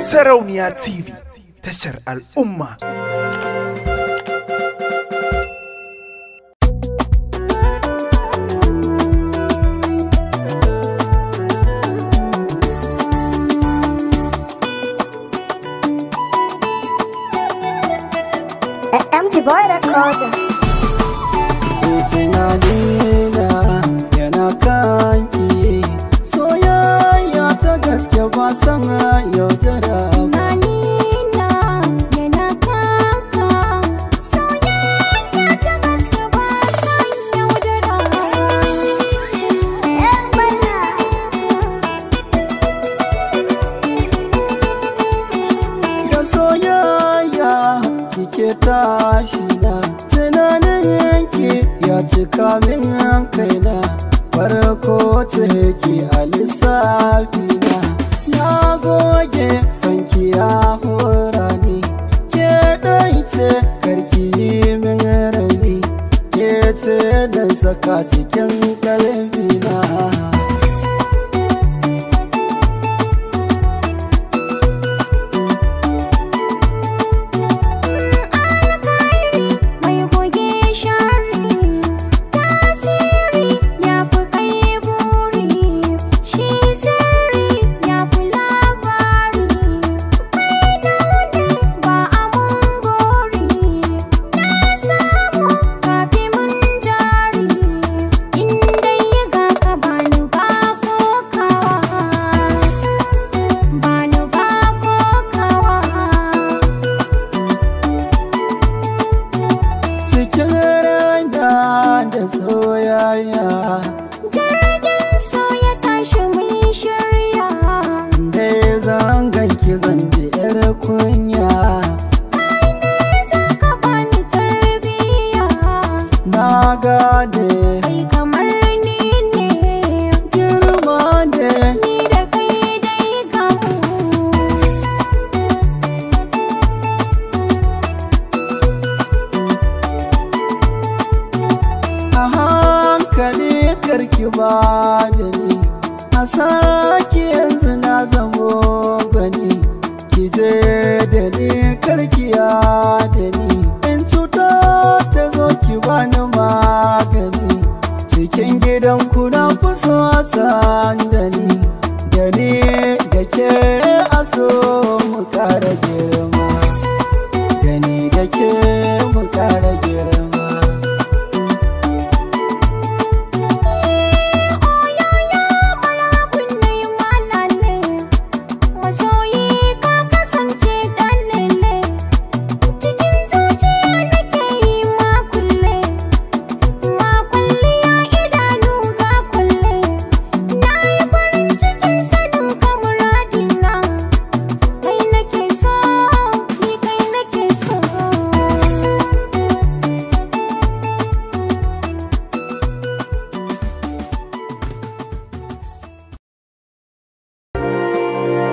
سرونيا تي في تشر الأمة أمتي بوي ريكورد gaske ba san yaudara ba kike tashi na tunanin yanki ya cika min kaina farko ce ki a lissafi saka cikin soyayya soyayya ya tashi mun shirya da ya zangon ki zanje yar kunya ai me za ka bani tarbiya na gade hankali karki ba da ni a sake yanzu na zamo gani ki je da ni ya da ni in cuta ta zo ki bani magani cikin gidan ku na so a san da ni da ni da ke a so mu kara girma da ni da ke mu kara girma